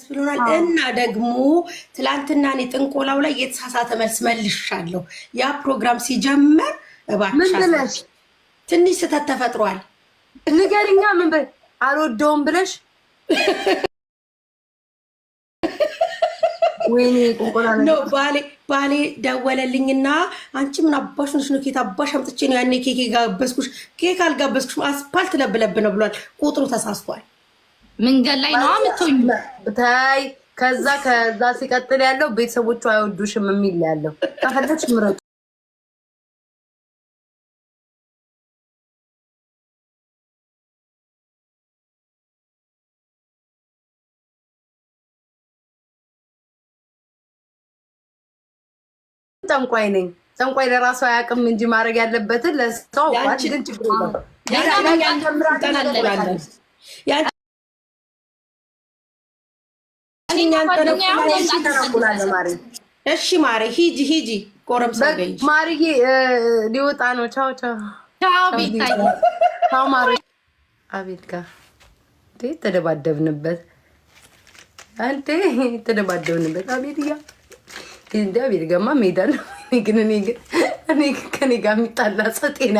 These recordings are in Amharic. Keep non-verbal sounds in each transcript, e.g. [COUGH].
ደስ ብሎናል። እና ደግሞ ትላንትና እኔ ጥንቆላው ላይ የተሳሳተ መልስ መልሻለሁ። ያ ፕሮግራም ሲጀመር እባክሽ ትንሽ ስህተት ተፈጥሯል ንገሪኛ። ምን በ አልወደውም ብለሽ [LAUGHS] ባሌ ባሌ ደወለልኝና አንቺ ምን አባሽ ነሽ ነው ኬት አባሽ አምጥቼ ነው ያኔ ኬክ ጋበዝኩሽ ኬክ አልጋበዝኩሽም አስፓልት ለብለብ ነው ብሏል። ቁጥሩ ተሳስቷል። መንገድ ላይ ነው የምትሆኙ። ታይ ከዛ ከዛ ሲቀጥል ያለው ቤተሰቦቹ አይወዱሽም የሚል ያለው ከፈለች ምረጡ። ጠንቋይ ነኝ። ጠንቋይ ለራሱ አያውቅም እንጂ ማድረግ ያለበትን ለሰው ግን ችግር የለም። እሺ ማሬ ሂጂ ሂጂ። ቆረምሳ ማርዬ ሊወጣ ነው። ቻው ቻው ቻው። ማሪ አቤት ጋር ተደባደብንበት። ተደባደብንበት። አቤት ያ አቤት ሜዳ ነው ግን እኔ ግን እኔ ከኔ ጋር የሚጣላ ጸጤና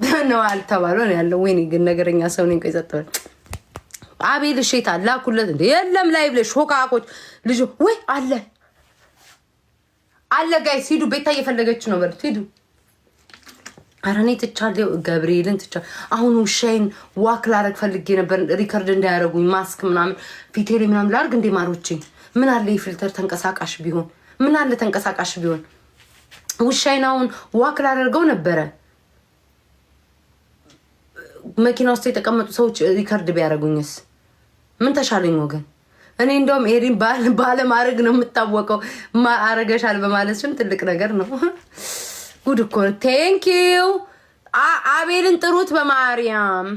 [LAUGHS] ነው አልተባለ ያለው ወይ ግን ነገረኛ ሰው ነኝ። ቆይዘጠበል አቤል እሸት ላኩለት እንደ የለም ላይ ብለሽ ሾካቆች ልጅ ወይ አለ አለ ጋይስ ሂዱ። ቤታ እየፈለገች ነው በሉት ሂዱ። ኧረ እኔ ትቻለሁ፣ ገብርኤልን ትቻለሁ። አሁን ውሻዬን ዋክ ላረግ ፈልጌ ነበር ሪከርድ እንዳያደርጉኝ ማስክ ምናምን ፊቴ ላይ ምናምን ላርግ እንዴ ማሮቼ። ምን አለ የፊልተር ተንቀሳቃሽ ቢሆን ምን አለ ተንቀሳቃሽ ቢሆን ውሻዬን አሁን ዋክ ላደርገው ነበረ መኪና ውስጥ የተቀመጡ ሰዎች ሪከርድ ቢያደርጉኝስ ምን ተሻለኝ ወገን? እኔ እንደውም ኤሪን [LAUGHS] ባለማድረግ ነው የምታወቀው። አረገሻል በማለትሽም ትልቅ ነገር ነው። [LAUGHS] ጉድ እኮ ቴንኪው አቤልን ጥሩት በማርያም